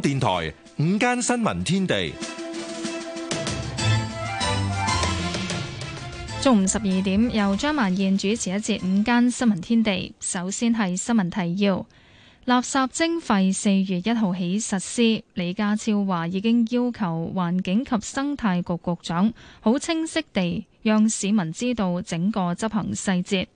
電台午間新聞天地，中午十二點由張曼燕主持一節午間新聞天地。首先係新聞提要，垃圾徵費四月一號起實施。李家超話已經要求環境及生態局局長好清晰地讓市民知道整個執行細節。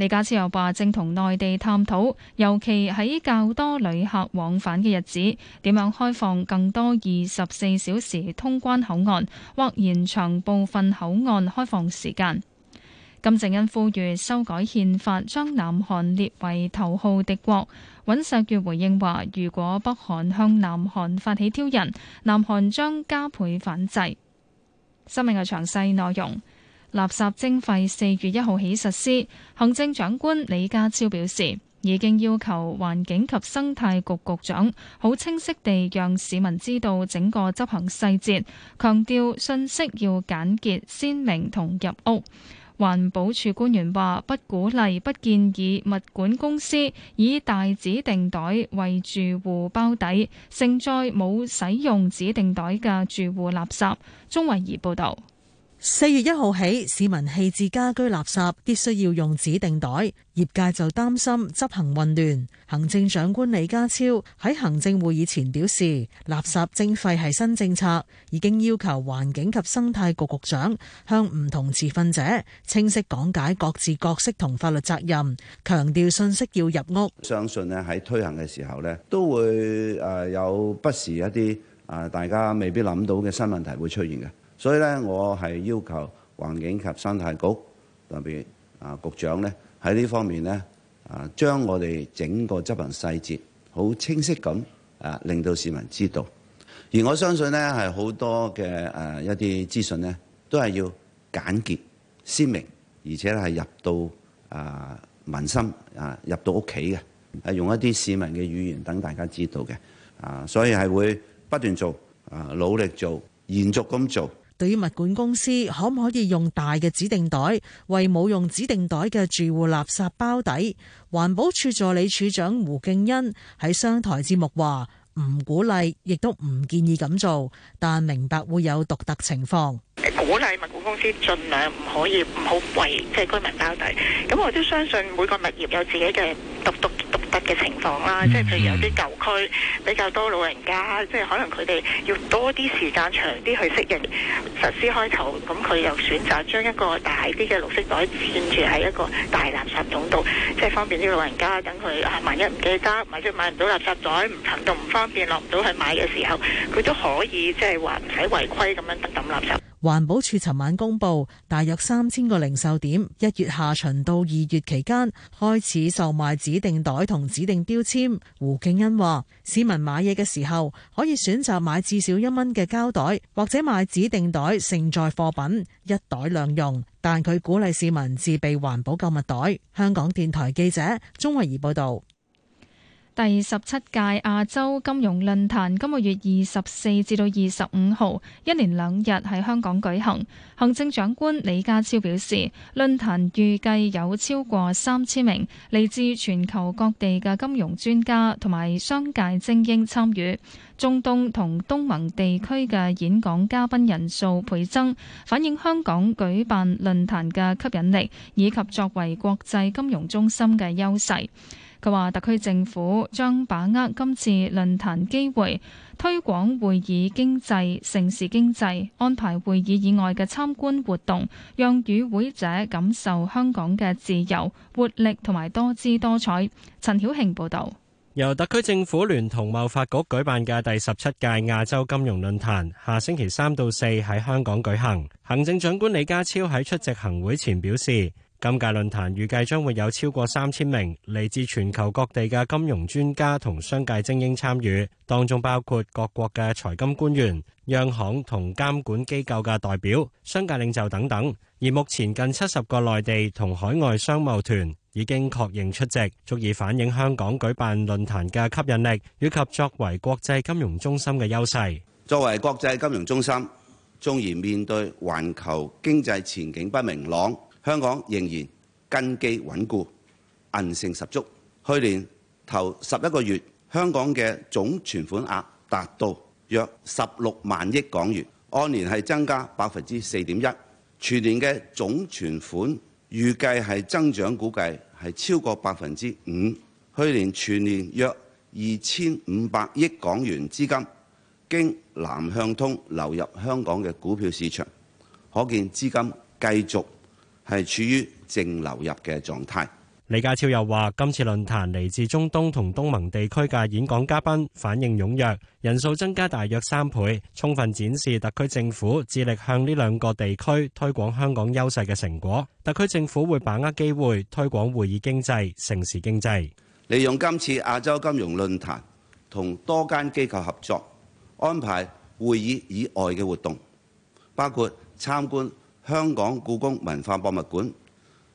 李家超又話，正同內地探討，尤其喺較多旅客往返嘅日子，點樣開放更多二十四小時通關口岸，或延長部分口岸開放時間。金正恩呼籲修改憲法，將南韓列為頭號敵國。尹錫悅回應話，如果北韓向南韓發起挑釁，南韓將加倍反制。新聞嘅詳細內容。垃圾徵費四月一號起實施，行政長官李家超表示，已經要求環境及生態局局長好清晰地讓市民知道整個執行細節，強調信息要簡潔、鮮明同入屋。環保署官員話：不鼓勵、不建議物管公司以大指定袋為住戶包底，盛載冇使用指定袋嘅住戶垃圾。鍾慧儀報導。四月一號起，市民棄置家居垃圾，必須要用指定袋。業界就擔心執行混亂。行政長官李家超喺行政會議前表示，垃圾徵費係新政策，已經要求環境及生態局局長向唔同持份者清晰講解各自角色同法律責任，強調信息要入屋。相信呢喺推行嘅時候呢，都會誒有不時一啲啊，大家未必諗到嘅新問題會出現嘅。所以咧，我係要求環境及生態局特別啊局長咧喺呢方面咧啊，將我哋整個執行細節好清晰咁啊，令到市民知道。而我相信咧，係好多嘅誒一啲資訊咧，都係要簡潔、鮮明，而且係入到啊民心啊入到屋企嘅，係用一啲市民嘅語言等大家知道嘅啊。所以係會不斷做啊，努力做，延續咁做。對於物管公司，可唔可以用大嘅指定袋為冇用指定袋嘅住戶垃圾包底？環保署助理署長胡敬欣喺商台節目話：唔鼓勵，亦都唔建議咁做，但明白會有獨特情況。鼓勵物管公司盡量唔可以唔好為即係居民包底。咁我都相信每個物業有自己嘅獨獨。嘅情況啦，即係譬如有啲舊區比較多老人家，即係可能佢哋要多啲時間長啲去適應實施開頭。咁佢又選擇將一個大啲嘅綠色袋綻住喺一個大垃圾桶度，即係方便啲老人家等佢啊，萬一唔記得或者買唔到垃圾袋，唔行動唔方便落唔到去買嘅時候，佢都可以即係話唔使違規咁樣抌垃圾。環保署尋晚公布，大約三千個零售點一月下旬到二月期間開始售賣指定袋同指定標籤。胡敬恩話：市民買嘢嘅時候可以選擇買至少一蚊嘅膠袋，或者買指定袋盛載貨品，一袋兩用。但佢鼓勵市民自備環保購物袋。香港電台記者鍾慧儀報道。第十七屆亞洲金融論壇今個月二十四至到二十五號，一連兩日喺香港舉行。行政長官李家超表示，論壇預計有超過三千名嚟自全球各地嘅金融專家同埋商界精英參與。中東同東盟地區嘅演講嘉賓人數倍增，反映香港舉辦論壇嘅吸引力，以及作為國際金融中心嘅優勢。佢話：特區政府將把握今次論壇機會，推廣會議經濟、城市經濟，安排會議以外嘅參觀活動，讓與會者感受香港嘅自由、活力同埋多姿多彩。陳曉慶報導。由特區政府聯同貿發局舉辦嘅第十七屆亞洲金融論壇，下星期三到四喺香港舉行。行政長官李家超喺出席行會前表示：今屆論壇預計將會有超過三千名嚟自全球各地嘅金融專家同商界精英參與，當中包括各國嘅財金官員、央行同監管機構嘅代表、商界領袖等等。而目前近七十個內地同海外商貿團已經確認出席，足以反映香港舉辦論壇嘅吸引力，以及作為國際金融中心嘅優勢。作為國際金融中心，縱然面對環球經濟前景不明朗。香港仍然根基穩固，韌性十足。去年頭十一個月，香港嘅總存款額達到約十六萬億港元，按年係增加百分之四點一。全年嘅總存款預計係增長，估計係超過百分之五。去年全年約二千五百億港元資金經南向通流入香港嘅股票市場，可見資金繼續。係處於淨流入嘅狀態。李家超又話：今次論壇嚟自中東同東盟地區嘅演講嘉賓反應踴躍，人數增加大約三倍，充分展示特區政府致力向呢兩個地區推廣香港優勢嘅成果。特區政府會把握機會，推廣會議經濟、城市經濟，利用今次亞洲金融論壇同多間機構合作，安排會議以外嘅活動，包括參觀，香港故宮文化博物館，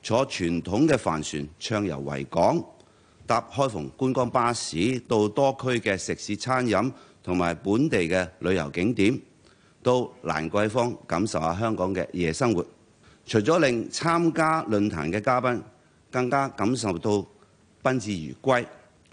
坐傳統嘅帆船暢遊維港，搭開篷觀光巴士到多區嘅食肆餐飲同埋本地嘅旅遊景點，到蘭桂坊感受下香港嘅夜生活。除咗令參加論壇嘅嘉賓更加感受到賓至如歸，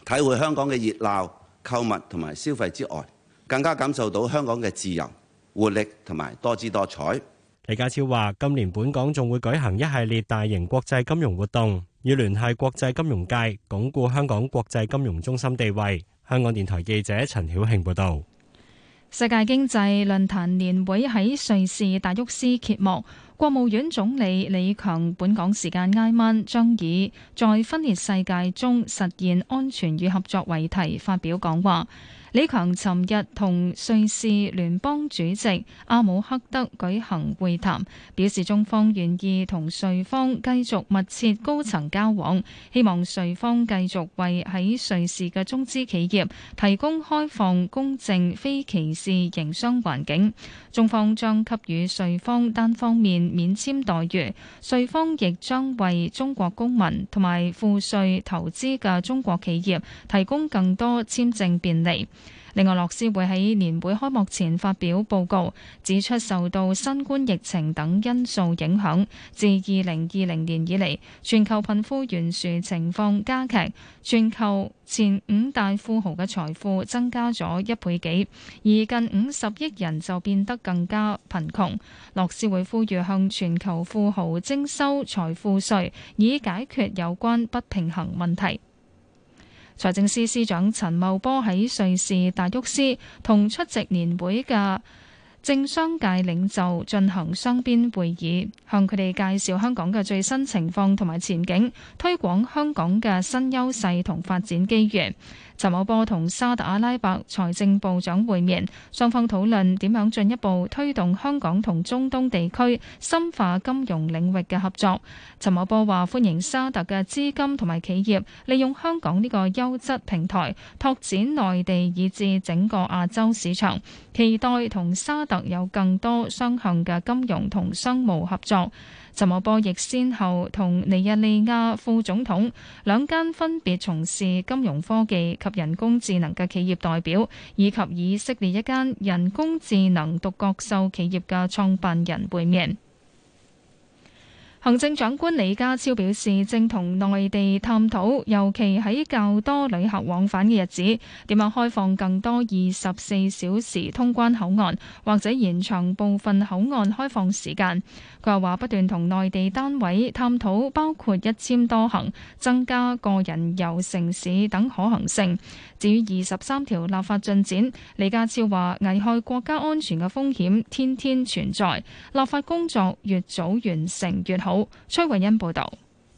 體會香港嘅熱鬧、購物同埋消費之外，更加感受到香港嘅自由、活力同埋多姿多彩。李家超話：今年本港仲會舉行一系列大型國際金融活動，以聯繫國際金融界，鞏固香港國際金融中心地位。香港電台記者陳曉慶報道。世界經濟論壇年會喺瑞士達沃斯揭幕，國務院總理李強本港時間挨晚將以在分裂世界中實現安全與合作為題發表講話。李強尋日同瑞士聯邦主席阿姆赫德舉行會談，表示中方願意同瑞方繼續密切高層交往，希望瑞方繼續為喺瑞士嘅中資企業提供開放、公正、非歧視營商環境。中方將給予瑞方單方面免簽待遇，瑞方亦將為中國公民同埋赴瑞投資嘅中國企業提供更多簽證便利。另外，樂施會喺年會開幕前發表報告，指出受到新冠疫情等因素影響，自二零二零年以嚟，全球貧富懸殊情況加劇，全球前五大富豪嘅財富增加咗一倍幾，而近五十億人就變得更加貧窮。樂施會呼籲向全球富豪徵收財富稅，以解決有關不平衡問題。財政司司長陳茂波喺瑞士達沃斯同出席年會嘅政商界領袖進行雙邊會議，向佢哋介紹香港嘅最新情況同埋前景，推廣香港嘅新優勢同發展機遇。陳茂波同沙特阿拉伯財政部長會面，雙方討論點樣進一步推動香港同中東地區深化金融領域嘅合作。陳茂波話歡迎沙特嘅資金同埋企業利用香港呢個優質平台拓展內地以至整個亞洲市場，期待同沙特有更多雙向嘅金融同商務合作。陳茂波亦先後同尼日利亞副總統兩間分別從事金融科技及人工智能嘅企業代表，以及以色列一間人工智能獨角獸企業嘅創辦人會面。行政長官李家超表示，正同內地探討，尤其喺較多旅客往返嘅日子，點樣開放更多二十四小時通關口岸，或者延長部分口岸開放時間。佢又話，不斷同內地單位探討，包括一簽多行、增加個人遊城市等可行性。至於二十三條立法進展，李家超話，危害國家安全嘅風險天天存在，立法工作越早完成越好。崔慧欣報道，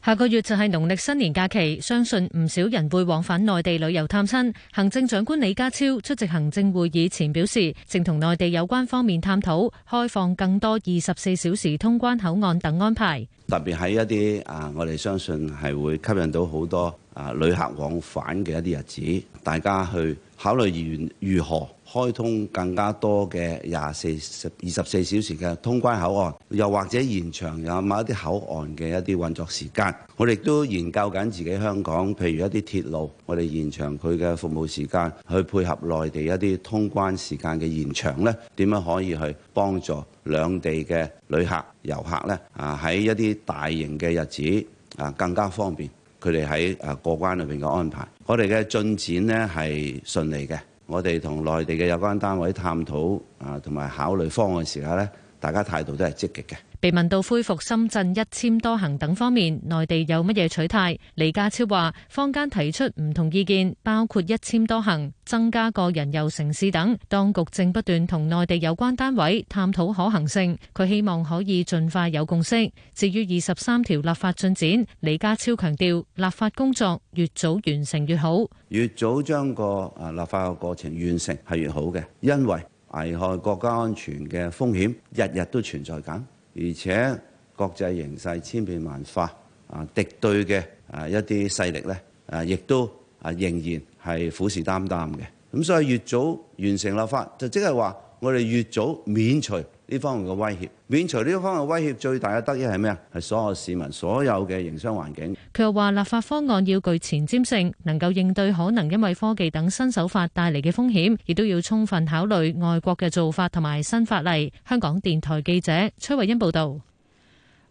下個月就係農曆新年假期，相信唔少人會往返內地旅遊探親。行政長官李家超出席行政會議前表示，正同內地有關方面探討開放更多二十四小時通關口岸等安排。特別喺一啲啊，我哋相信係會吸引到好多啊旅客往返嘅一啲日子，大家去考慮如如何。開通更加多嘅廿四十二十四小時嘅通關口岸，又或者延長有某一啲口岸嘅一啲運作時間。我哋都研究緊自己香港，譬如一啲鐵路，我哋延長佢嘅服務時間，去配合內地一啲通關時間嘅延長呢，點樣可以去幫助兩地嘅旅客、遊客呢啊，喺一啲大型嘅日子啊，更加方便佢哋喺啊過關裏邊嘅安排。我哋嘅進展呢係順利嘅。我哋同內地嘅有關單位探討啊，同埋考慮方案嘅時候，呢，大家態度都係積極嘅。被問到恢復深圳一簽多行等方面，內地有乜嘢取態，李家超話：坊間提出唔同意見，包括一簽多行、增加個人遊城市等，當局正不斷同內地有關單位探討可行性。佢希望可以盡快有共識。至於二十三條立法進展，李家超強調立法工作越早完成越好，越早將個啊立法個過程完成係越好嘅，因為危害國家安全嘅風險日日都存在緊。而且國際形勢千變萬化，啊敵對嘅啊一啲勢力咧，啊亦都啊仍然係虎視眈眈嘅，咁所以越早完成立法，就即係話我哋越早免除，呢方面嘅威脅，免除呢方面威脅最大嘅得益係咩啊？係所有市民、所有嘅營商環境。佢又話立法方案要具前瞻性，能夠應對可能因為科技等新手法帶嚟嘅風險，亦都要充分考慮外國嘅做法同埋新法例。香港電台記者崔慧欣報道。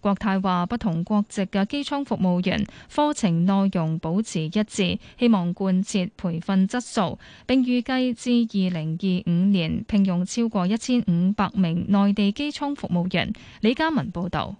國泰話不同國籍嘅機艙服務員，課程內容保持一致，希望貫徹培訓質素，並預計至二零二五年聘用超過一千五百名內地機艙服務員。李嘉文報道。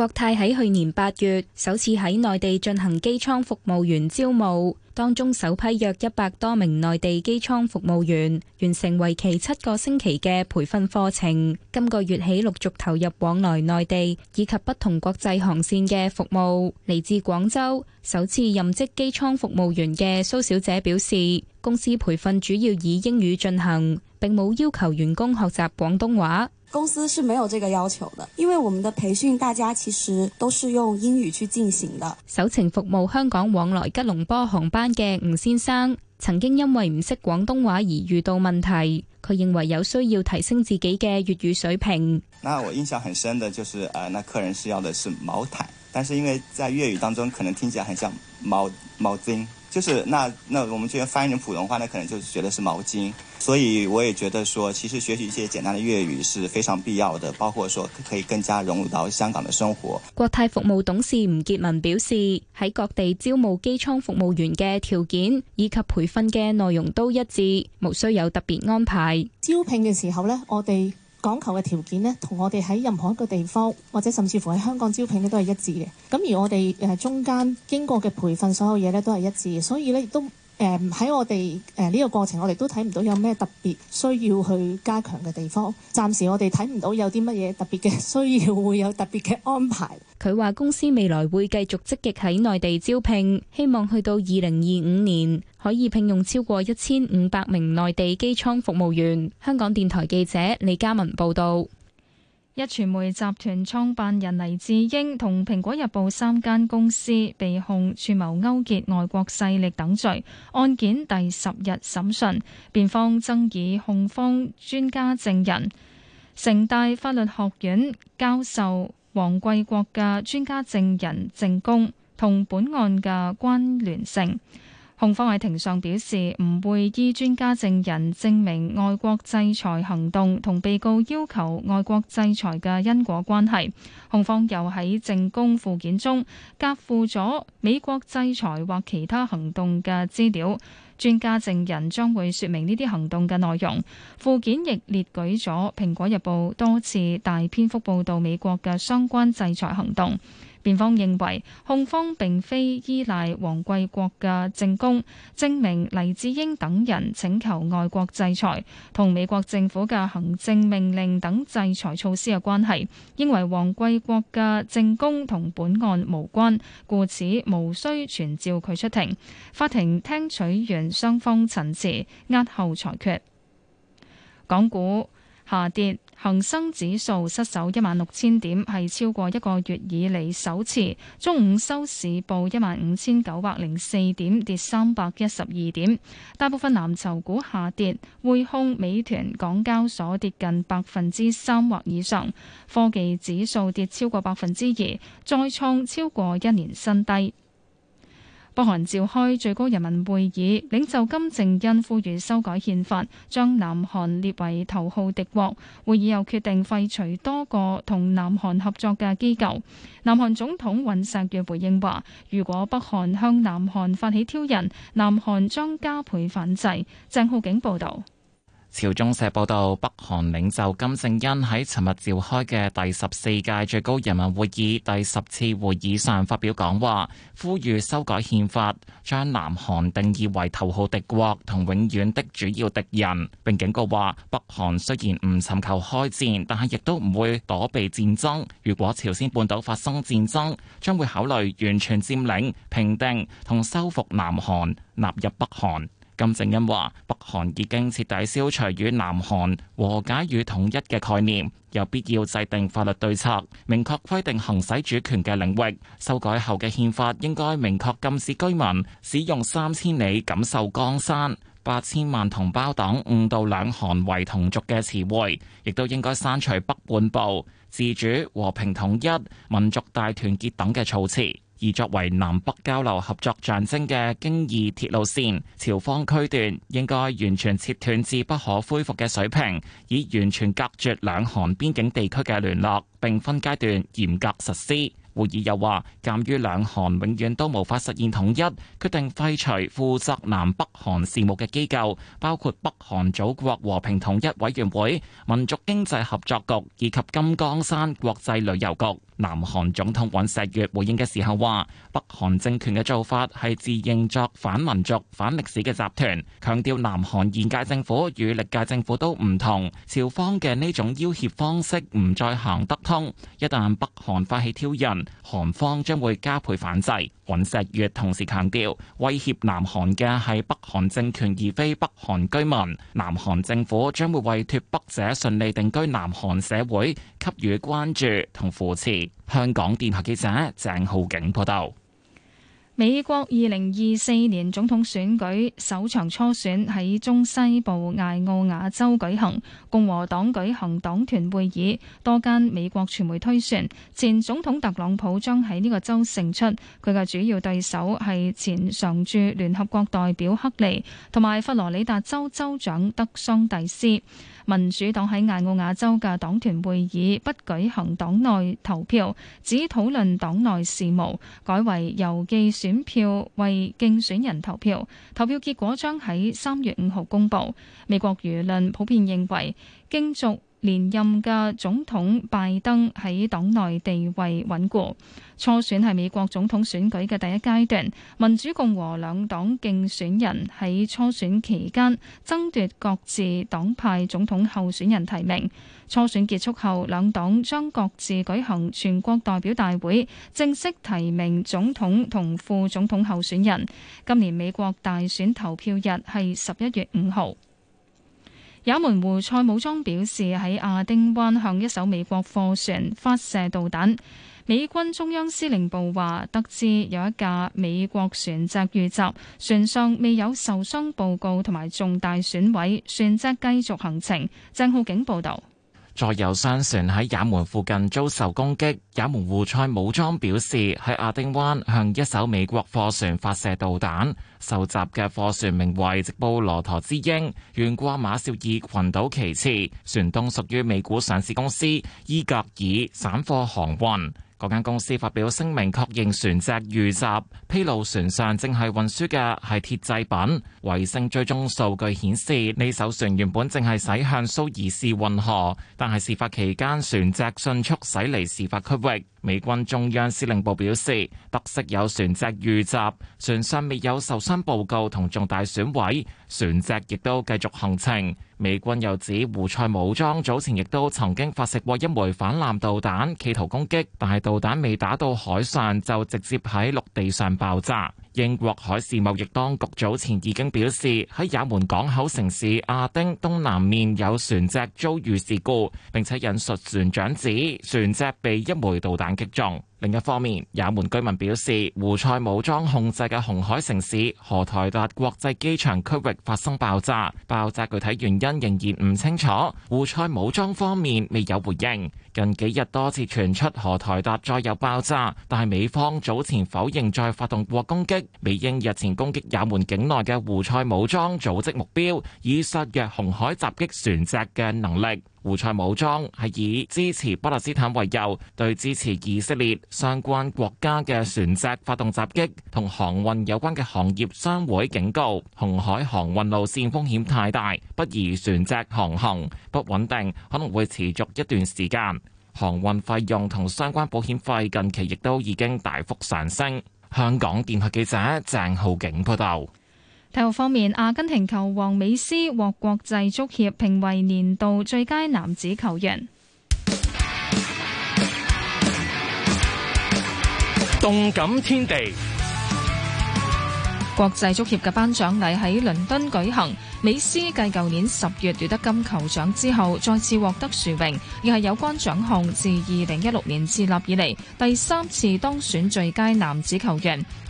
國泰喺去年八月首次喺內地進行機艙服務員招募，當中首批約一百多名內地機艙服務員完成為期七個星期嘅培訓課程。今個月起陸續投入往來內地以及不同國際航線嘅服務。嚟自廣州首次任職機艙服務員嘅蘇小姐表示，公司培訓主要以英語進行，並冇要求員工學習廣東話。公司是沒有這個要求的，因為我們的培訓大家其實都是用英語去進行的。首程服務香港往來吉隆坡航班嘅吳先生，曾經因為唔識廣東話而遇到問題，佢認為有需要提升自己嘅粵語水平。那我印象很深的，就是呃，那客人是要的是毛毯，但是因為在粵語當中，可能聽起來很像毛毛巾。就是，那那我們直接翻譯成普通話，呢，可能就是覺得是毛巾。所以我也覺得說，其實學習一些簡單的粵語是非常必要的，包括說可以更加融入到香港的生活。國泰服務董事吳杰文表示，喺各地招募機艙服務員嘅條件以及培訓嘅內容都一致，無須有特別安排。招聘嘅時候呢，我哋。講求嘅條件呢，同我哋喺任何一個地方，或者甚至乎喺香港招聘都係一致嘅。咁而我哋中間經過嘅培訓，所有嘢呢都係一致嘅，所以呢，亦都。誒喺、嗯、我哋誒呢個過程，我哋都睇唔到有咩特別需要去加強嘅地方。暫時我哋睇唔到有啲乜嘢特別嘅需要會有特別嘅安排。佢話公司未來會繼續積極喺內地招聘，希望去到二零二五年可以聘用超過一千五百名內地機艙服務員。香港電台記者李嘉文報導。一傳媒集團創辦人黎智英同蘋果日報三間公司被控串謀勾結外國勢力等罪。案件第十日審訊，辯方爭議控方專家證人城大法律學院教授王貴國嘅專家證人證供同本案嘅關聯性。控方喺庭上表示唔會依專家證人證明外國制裁行動同被告要求外國制裁嘅因果關係。控方又喺證供附件中夾附咗美國制裁或其他行動嘅資料，專家證人將會説明呢啲行動嘅內容。附件亦列舉咗《蘋果日報》多次大篇幅報導美國嘅相關制裁行動。辯方認為，控方並非依賴黃貴國嘅證供，證明黎智英等人請求外國制裁同美國政府嘅行政命令等制裁措施嘅關係，認為黃貴國嘅證供同本案無關，故此無需傳召佢出庭。法庭聽取完雙方陳詞，押後裁決。港股下跌。恒生指數失守一萬六千點，係超過一個月以嚟首次。中午收市報一萬五千九百零四點，跌三百一十二點。大部分藍籌股下跌，匯控、美團、港交所跌近百分之三或以上，科技指數跌超過百分之二，再創超過一年新低。北韓召開最高人民會議，領袖金正恩呼籲修改憲法，將南韓列為頭號敵國。會議又決定廢除多個同南韓合作嘅機構。南韓總統尹錫悅回應話：如果北韓向南韓發起挑釁，南韓將加倍反制。鄭浩景報導。朝中社報道，北韓領袖金正恩喺尋日召開嘅第十四屆最高人民會議第十次會議上發表講話，呼籲修改憲法，將南韓定義為頭號敵國同永遠的主要敵人，並警告話北韓雖然唔尋求開戰，但係亦都唔會躲避戰爭，如果朝鮮半島發生戰爭，將會考慮完全佔領、平定同收復南韓，納入北韓。金正恩話：北韓已經徹底消除與南韓和解與統一嘅概念，有必要制定法律對策，明確規定行使主權嘅領域。修改後嘅憲法應該明確禁止居民使用三千里錦繡江山、八千萬同胞等誤導兩韓為同族嘅詞彙，亦都應該刪除北半部、自主和平統一、民族大團結等嘅措辭。而作為南北交流合作象徵嘅京義鐵路線朝方區段應該完全切斷至不可恢復嘅水平，以完全隔絕兩韓邊境地區嘅聯絡，並分階段嚴格實施。會議又話，鑑於兩韓永遠都無法實現統一，決定廢除負責南北韓事務嘅機構，包括北韓祖國和平統一委員會、民族經濟合作局以及金剛山國際旅遊局。南韓總統尹錫悅回應嘅時候話：北韓政權嘅做法係自認作反民族、反歷史嘅集團，強調南韓現屆政府與歷屆政府都唔同，朝方嘅呢種要挾方式唔再行得通。一旦北韓發起挑釁，韓方將會加倍反制。尹錫悅同時強調，威脅南韓嘅係北韓政權，而非北韓居民。南韓政府將會為脫北者順利定居南韓社會給予關注同扶持。香港電台記者鄭浩景報道。美國二零二四年總統選舉首場初選喺中西部艾奧瓦州舉行，共和黨舉行黨團會議，多間美國傳媒推算前總統特朗普將喺呢個州勝出，佢嘅主要對手係前常駐聯合國代表克利同埋佛羅里達州州長德桑蒂斯。民主黨喺艾奧瓦州嘅黨團會議不舉行黨內投票，只討論黨內事務，改為郵寄選票為競選人投票。投票結果將喺三月五號公佈。美國輿論普遍認為競逐連任嘅總統拜登喺黨內地位穩固。初選係美國總統選舉嘅第一階段，民主共和兩黨競選人喺初選期間爭奪各自黨派總統候選人提名。初選結束後，兩黨將各自舉行全國代表大會，正式提名總統同副總統候選人。今年美國大選投票日係十一月五號。也門胡塞武裝表示喺亞丁灣向一艘美國貨船發射導彈。美軍中央司令部話，得知有一架美國船隻遇襲，船上未有受傷報告同埋重大損毀，船隻繼續行程。鄭浩景報導。再有商船喺也門附近遭受攻擊，也門胡塞武裝表示喺亞丁灣向一艘美國貨船發射導彈，受襲嘅貨船名為直布羅陀之鷹，懸掛馬紹爾群島旗幟，船東屬於美股上市公司伊格爾散貨航運。嗰間公司發表聲明確認船隻遇襲，披露船上正係運輸嘅係鐵製品。衛星追蹤數據顯示，呢艘船原本正係駛向蘇伊士運河，但係事發期間船隻迅速駛離事發區域。美軍中央司令部表示，得悉有船隻遇襲，船上未有受傷報告同重大損毀，船隻亦都繼續行程。美軍又指胡塞武裝早前亦都曾經發射過一枚反艦導彈，企圖攻擊，但係導彈未打到海上就直接喺陸地上爆炸。英國海事貿易當局早前已經表示，喺也門港口城市亞丁東南面有船隻遭遇事故，並且引述船長指船隻被一枚導彈擊中。另一方面，也門居民表示，胡塞武裝控制嘅紅海城市荷台達國際機場區域發生爆炸，爆炸具體原因仍然唔清楚。胡塞武裝方面未有回應。近幾日多次傳出荷台達再有爆炸，但係美方早前否認再發動過攻擊，美英日前攻擊也門境內嘅胡塞武裝組織目標，以削弱紅海襲擊船隻嘅能力。胡塞武裝係以支持巴勒斯坦為由，對支持以色列相關國家嘅船隻發動襲擊，同航運有關嘅行業商會警告，紅海航運路線風險太大，不宜船隻航行，不穩定，可能會持續一段時間。航運費用同相關保險費近期亦都已經大幅上升。香港電台記者鄭浩景報道。體育方面，阿根廷球王美斯獲國際足協評為年度最佳男子球員。動感天地，國際足協嘅頒獎禮喺倫敦舉行。美斯繼舊年十月奪得金球獎之後，再次獲得殊榮，亦係有關獎項自二零一六年設立以嚟第三次當選最佳男子球員。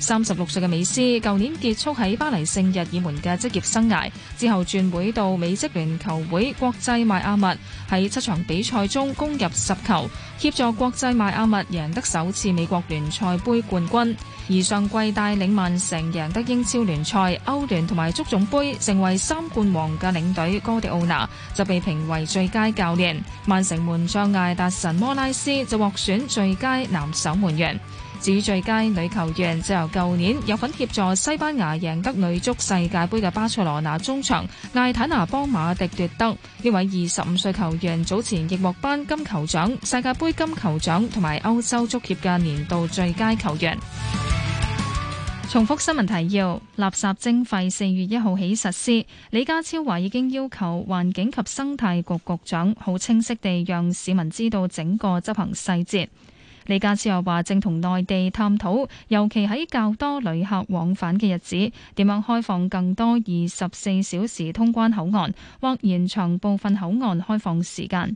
三十六歲嘅美斯，舊年結束喺巴黎聖日耳門嘅職業生涯之後，轉會到美職聯球會國際邁阿密，喺七場比賽中攻入十球，協助國際邁阿密贏得首次美國聯賽杯冠軍。而上季帶領曼城贏得英超聯賽、歐聯同埋足總杯，成為三冠王嘅領隊哥迪奧拿就被評為最佳教練。曼城門將艾達神摩拉斯就獲選最佳男守門員。至於最佳女球員，就由舊年有份協助西班牙贏得女足世界杯嘅巴塞羅那中場艾坦娜·邦馬迪奪得。呢位二十五歲球員早前亦獲頒金球獎、世界杯金球獎同埋歐洲足協嘅年度最佳球員。重複新聞提要：垃圾徵費四月一號起實施。李家超話已經要求環境及生態局局長好清晰地讓市民知道整個執行細節。李家超又話，正同內地探討，尤其喺較多旅客往返嘅日子，點樣開放更多二十四小時通關口岸，或延長部分口岸開放時間。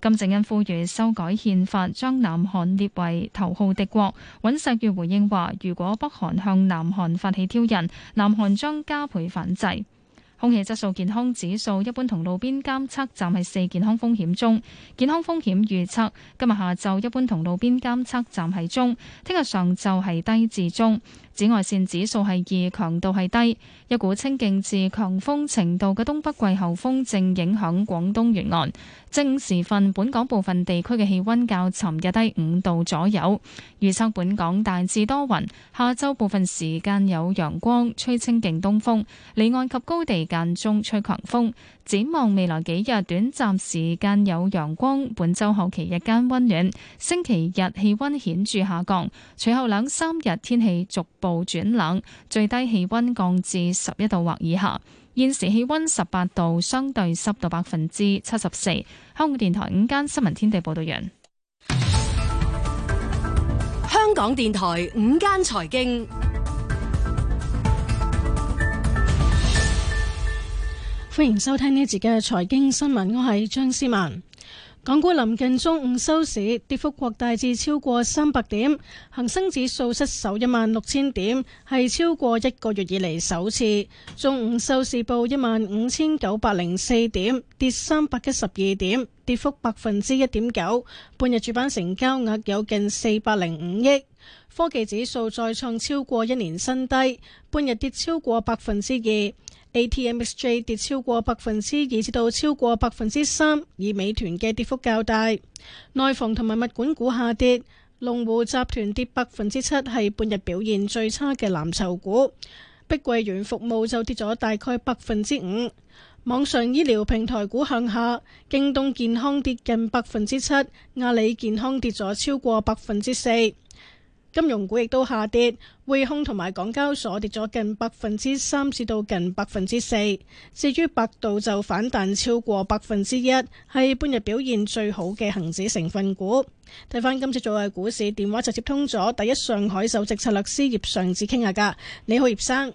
金正恩呼籲修改憲法，將南韓列為頭號敵國。尹錫悦回應話，如果北韓向南韓發起挑釁，南韓將加倍反制。空氣質素健康指數一般同路邊監測站係四健康風險中，健康風險預測今日下晝一般同路邊監測站係中，聽日上晝係低至中。紫外線指數係二，強度係低。一股清勁至強風程度嘅東北季候風正影響廣東沿岸。正午時分，本港部分地區嘅氣温較尋日低五度左右。預測本港大致多雲，下晝部分時間有陽光，吹清勁東風，離岸及高地，間中吹強風，展望未來幾日短暫時間有陽光。本周後期日間溫暖，星期日氣温顯著下降，隨後兩三日天氣逐步轉冷，最低氣温降至十一度或以下。現時氣温十八度，相對濕度百分之七十四。香港電台午間新聞天地報道員。香港電台午間財經。歡迎收聽呢節嘅財經新聞，我係張思曼。港股臨近中午收市，跌幅擴大至超過三百點，恒生指數失守一萬六千點，係超過一個月以嚟首次。中午收市報一萬五千九百零四點，跌三百一十二點，跌幅百分之一點九。半日主板成交額有近四百零五億。科技指數再創超過一年新低，半日跌超過百分之二，A T M X J 跌超過百分之二，至到超過百分之三。以美團嘅跌幅較大，內房同埋物管股下跌，龍湖集團跌百分之七，係半日表現最差嘅藍籌股。碧桂園服務就跌咗大概百分之五，網上醫療平台股向下，京東健康跌近百分之七，阿里健康跌咗超過百分之四。金融股亦都下跌，匯控同埋港交所跌咗近百分之三，至到近百分之四。至於百度就反彈超過百分之一，係半日表現最好嘅恒指成分股。睇返今次做嘅股市，電話就接通咗第一上海首席策略師葉尚志傾下噶。你好，葉生。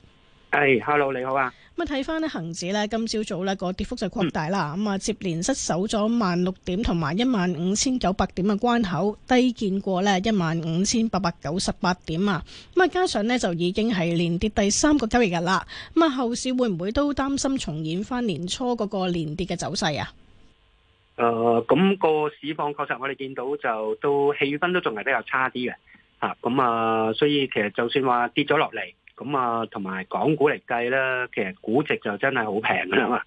係，hey，hello，你好啊。咁睇翻咧，恒指咧今朝早咧個跌幅就擴大啦，咁啊、嗯、接連失守咗萬六點同埋一萬五千九百點嘅關口，低見過咧一萬五千八百九十八點啊！咁啊加上咧就已經係連跌第三個交易日啦。咁啊後市會唔會都擔心重演翻年初嗰個連跌嘅走勢啊？誒、呃、咁、那個市況確實我哋見到就到氣氛都仲係比較差啲嘅，吓、啊、咁啊，所以其實就算話跌咗落嚟。咁啊，同埋港股嚟計啦，其實估值就真係好平噶啦嘛。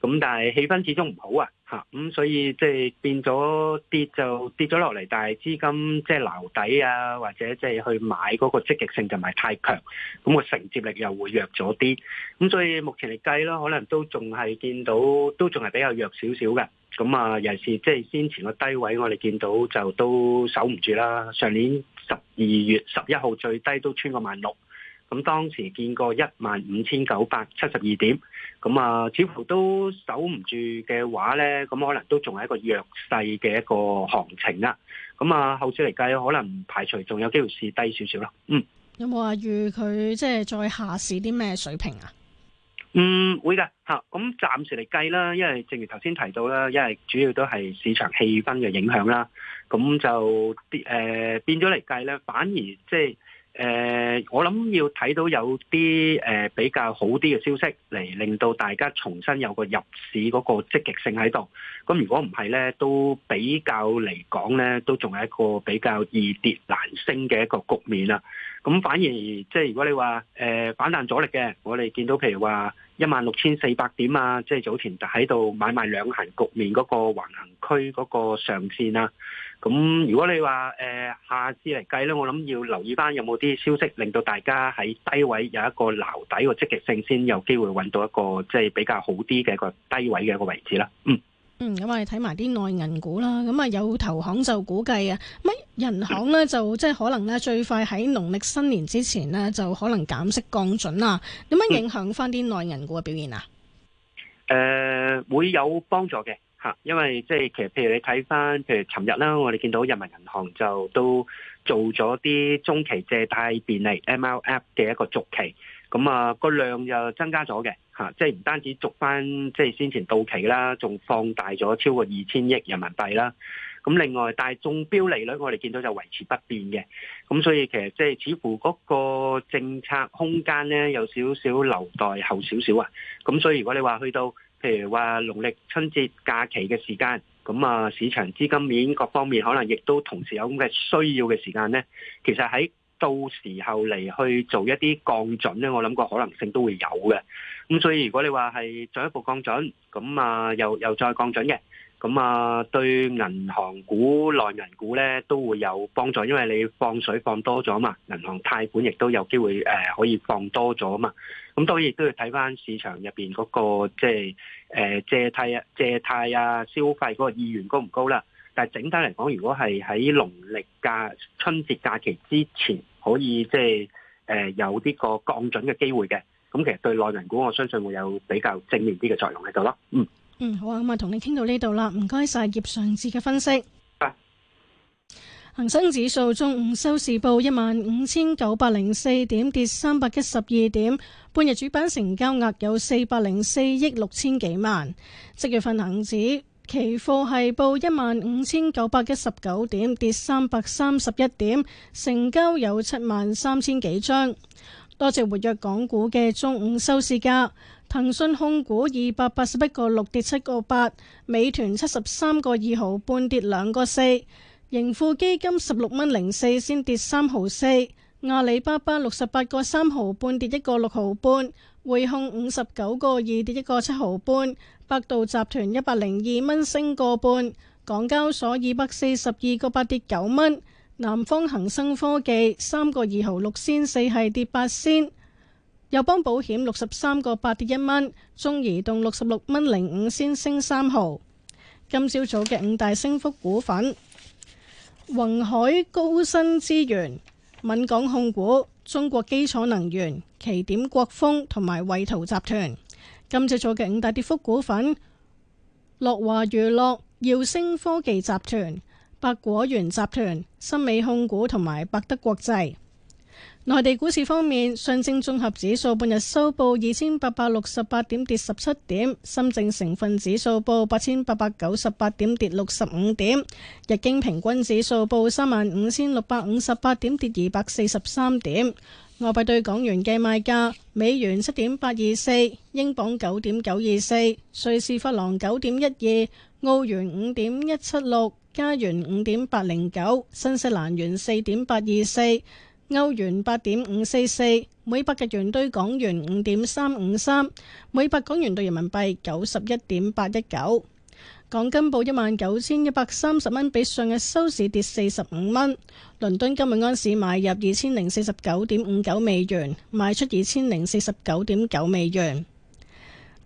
咁但係氣氛始終唔好啊，嚇咁所以即係變咗跌就跌咗落嚟，但係資金即係留底啊，或者即係去買嗰個積極性就唔係太強，咁個承接力又會弱咗啲。咁所以目前嚟計啦，可能都仲係見到都仲係比較弱少少嘅。咁啊，尤其是即係先前個低位，我哋見到就都守唔住啦。上年十二月十一號最低都穿過萬六。咁當時見過一萬五千九百七十二點，咁啊、呃，似乎都守唔住嘅話咧，咁可能都仲係一個弱勢嘅一個行情啦。咁啊，後市嚟計，可能排除仲有機會試低少少啦。嗯，有冇話預佢即係再下試啲咩水平啊、嗯？嗯，會㗎吓。咁暫時嚟計啦，因為正如頭先提到啦，因為主要都係市場氣氛嘅影響啦。咁就、呃、變誒變咗嚟計咧，反而即係。誒、呃，我諗要睇到有啲誒、呃、比較好啲嘅消息嚟令到大家重新有個入市嗰個積極性喺度。咁如果唔係呢，都比較嚟講呢，都仲係一個比較易跌難升嘅一個局面啦。咁反而即係如果你話誒，反彈阻力嘅，我哋見到譬如話一萬六千四百點啊，即係早前就喺度買賣兩行局面嗰個橫行區嗰個上線啊。咁如果你話誒，下次嚟計咧，我諗要留意翻有冇啲消息令到大家喺低位有一個撈底個積極性，先有機會揾到一個即係比較好啲嘅一個低位嘅一個位置啦。嗯。嗯，咁我哋睇埋啲內銀股啦，咁啊有投行就估計啊，人行咧就即係可能咧最快喺農曆新年之前咧就可能減息降準啊，點樣影響翻啲內銀股嘅表現啊？誒、呃，會有幫助嘅吓，因為即係其實譬如你睇翻，譬如尋日啦，我哋見到人民銀行就都做咗啲中期借貸便利 MLF 嘅一個續期。咁啊，個量又增加咗嘅，嚇，即係唔單止續翻，即係先前到期啦，仲放大咗超過二千億人民幣啦。咁啊，另外，但係中標利率我哋見到就維持不變嘅。咁啊，所以其實即係似乎嗰個政策空間咧有少少留待後少少啊。咁啊，所以如果你話去到譬如話農曆春節假期嘅時間，咁啊市場資金面各方面可能亦都同時有咁嘅需要嘅時間咧，其實喺到時候嚟去做一啲降準咧，我諗個可能性都會有嘅。咁所以如果你話係進一步降準，咁啊又又再降準嘅，咁啊對銀行股、內銀股咧都會有幫助，因為你放水放多咗嘛，銀行貸款亦都有機會誒、呃、可以放多咗嘛。咁當然亦都要睇翻市場入邊嗰個即係誒借貸啊、借貸啊、消費嗰個意願高唔高啦。但係整體嚟講，如果係喺農曆假春節假期之前可以即係誒有呢個降準嘅機會嘅，咁、嗯、其實對內銀股我相信會有比較正面啲嘅作用喺度咯。嗯，嗯好啊，咁啊同你傾到呢度啦，唔該晒，葉尚志嘅分析。啊，恆生指數中午收市報一萬五千九百零四點，跌三百一十二點。半日主板成交額有四百零四億六千幾萬。即月份恒指。期貨係報一萬五千九百一十九點，跌三百三十一點，成交有七萬三千幾張。多隻活躍港股嘅中午收市價，騰訊控股二百八十一個六跌七個八，美團七十三個二毫半跌兩個四，盈富基金十六蚊零四先跌三毫四，阿里巴巴六十八個三毫半跌一個六毫半，匯控五十九個二跌一個七毫半。百度集團一百零二蚊升個半，港交所二百四十二個八跌九蚊，南方恒生科技三個二毫六仙四係跌八仙，友邦保險六十三個八跌一蚊，中移動六十六蚊零五仙升三毫。今朝早嘅五大升幅股份：宏海高新資源、敏港控股、中國基礎能源、奇點國風同埋惠陶集團。今次做嘅五大跌幅股份：樂華娛樂、耀星科技集團、百果園集團、新美控股同埋百德國際。內地股市方面，上證綜合指數半日收報二千八百六十八點，跌十七點；深證成分指數報八千八百九十八點，跌六十五點；日經平均指數報三萬五千六百五十八點，跌二百四十三點。外幣兌港元嘅賣價：美元七點八二四，英鎊九點九二四，瑞士法郎九點一二，澳元五點一七六，加元五點八零九，新西蘭元四點八二四，歐元八點五四四，每百日元兌港元五點三五三，每百港元兌人民幣九十一點八一九。港金報一萬九千一百三十蚊，比上日收市跌四十五蚊。倫敦金每盎司買入二千零四十九點五九美元，賣出二千零四十九點九美元。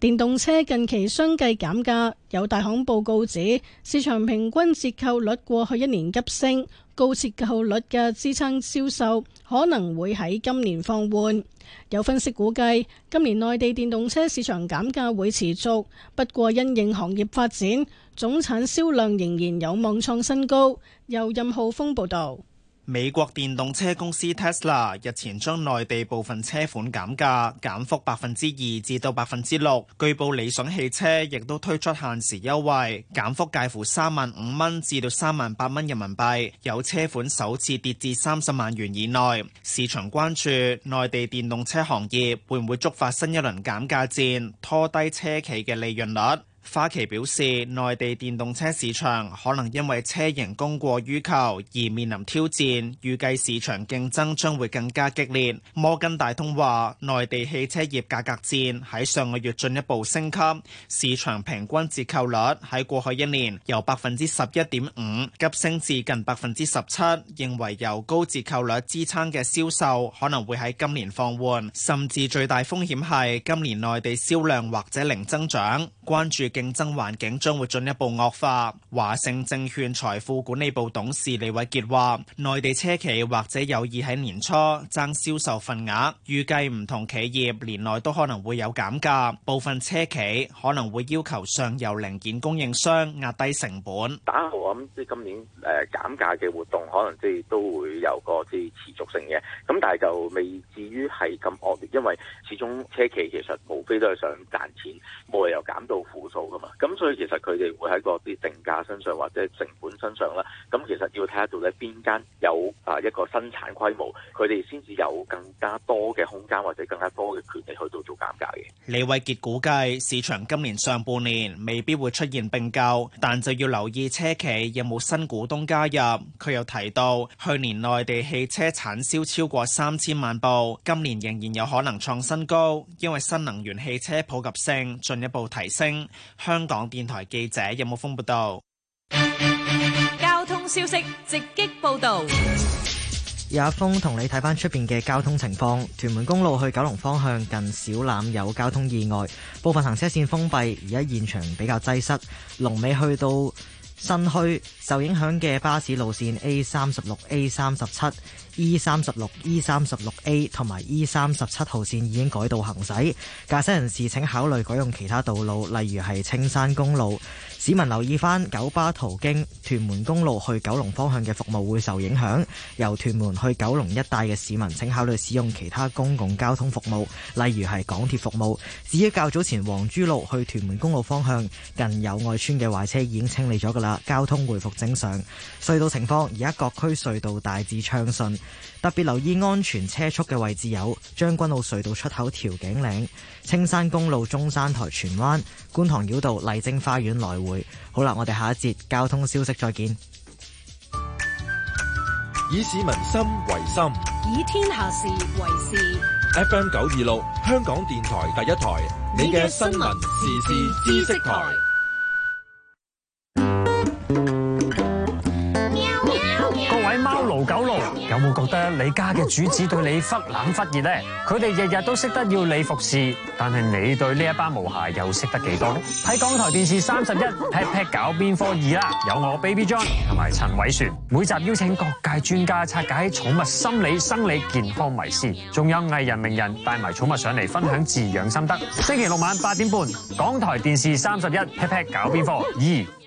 電動車近期相繼減價，有大行報告指市場平均折扣率過去一年急升，高折扣率嘅支撐銷售可能會喺今年放緩。有分析估計，今年內地電動車市場減價會持續，不過因應行業發展，總產銷量仍然有望創新高。由任浩峰報道。美國電動車公司 Tesla 日前將內地部分車款減價，減幅百分之二至到百分之六。據報理想汽車亦都推出限時優惠，減幅介乎三萬五蚊至到三萬八蚊人民幣，有車款首次跌至三十萬元以內。市場關注內地電動車行業會唔會觸發新一輪減價戰，拖低車企嘅利潤率。花旗表示，內地電動車市場可能因為車型供過於求而面臨挑戰，預計市場競爭將會更加激烈。摩根大通話，內地汽車業價格戰喺上個月進一步升級，市場平均折扣率喺過去一年由百分之十一點五急升至近百分之十七，認為由高折扣率支撐嘅銷售可能會喺今年放緩，甚至最大風險係今年內地銷量或者零增長。關注。競爭環境將會進一步惡化。華盛證券財富管理部董事李偉杰話，內地車企或者有意喺年初爭銷售份額，預計唔同企業年內都可能會有減價。部分車企可能會要求上游零件供應商壓低成本。打我諗，即今年誒減價嘅活動，可能即係都會有個即持續性嘅。咁但係就未至於係咁惡劣，因為始終車企其實無非都係想賺錢，冇理由減到負數。咁所以其實佢哋會喺個啲定價身上或者成本身上啦，咁其實要睇下到底，邊間有啊一個生產規模，佢哋先至有更加多嘅空間或者更加多嘅權利去到做減價嘅。李慧傑估計市場今年上半年未必會出現併購，但就要留意車企有冇新股東加入。佢又提到，去年內地汽車產銷超過三千萬部，今年仍然有可能創新高，因為新能源汽車普及性進一步提升。香港電台記者任木峰報道，交通消息直擊報道。 有阿峰同你睇翻出邊嘅交通情況，屯門公路去九龍方向近小欖有交通意外，部分行車線封閉，而家現場比較擠塞。龍尾去到新墟，受影響嘅巴士路線 A 三十六、A 三十七。E 三十六、E 三十六 A 同埋 E 三十七號線已經改道行駛，駕駛人士請考慮改用其他道路，例如係青山公路。市民留意返九巴途經屯門公路去九龍方向嘅服務會受影響，由屯門去九龍一帶嘅市民，請考慮使用其他公共交通服務，例如係港鐵服務。至於較早前黃珠路去屯門公路方向近友愛邨嘅壞車已經清理咗噶啦，交通回復正常。隧道情況，而家各區隧道大致暢順，特別留意安全車速嘅位置有將軍澳隧道出口、調景嶺、青山公路中山台、荃灣、觀塘繞道麗晶花園來回。會好啦，我哋下一節交通消息再見。以市民心為心，以天下事為事。 FM 九二六，香港電台第一台，你嘅新聞時事，時事知識台。喵喵，各位貓奴狗奴。有冇覺得你家嘅主子對你忽冷忽熱呢？佢哋日日都識得要你服侍，但係你對呢一班毛孩又識得幾多？喺港台電視三十一 Pet Pet 搞邊科二啦，有我 Baby John 同埋陳偉璇。每集邀請各界專家拆解寵物心理、生理健康迷思，仲有藝人名人帶埋寵物上嚟分享飼養心得。星期六晚八點半，港台電視三十一 Pet Pet 搞邊科二。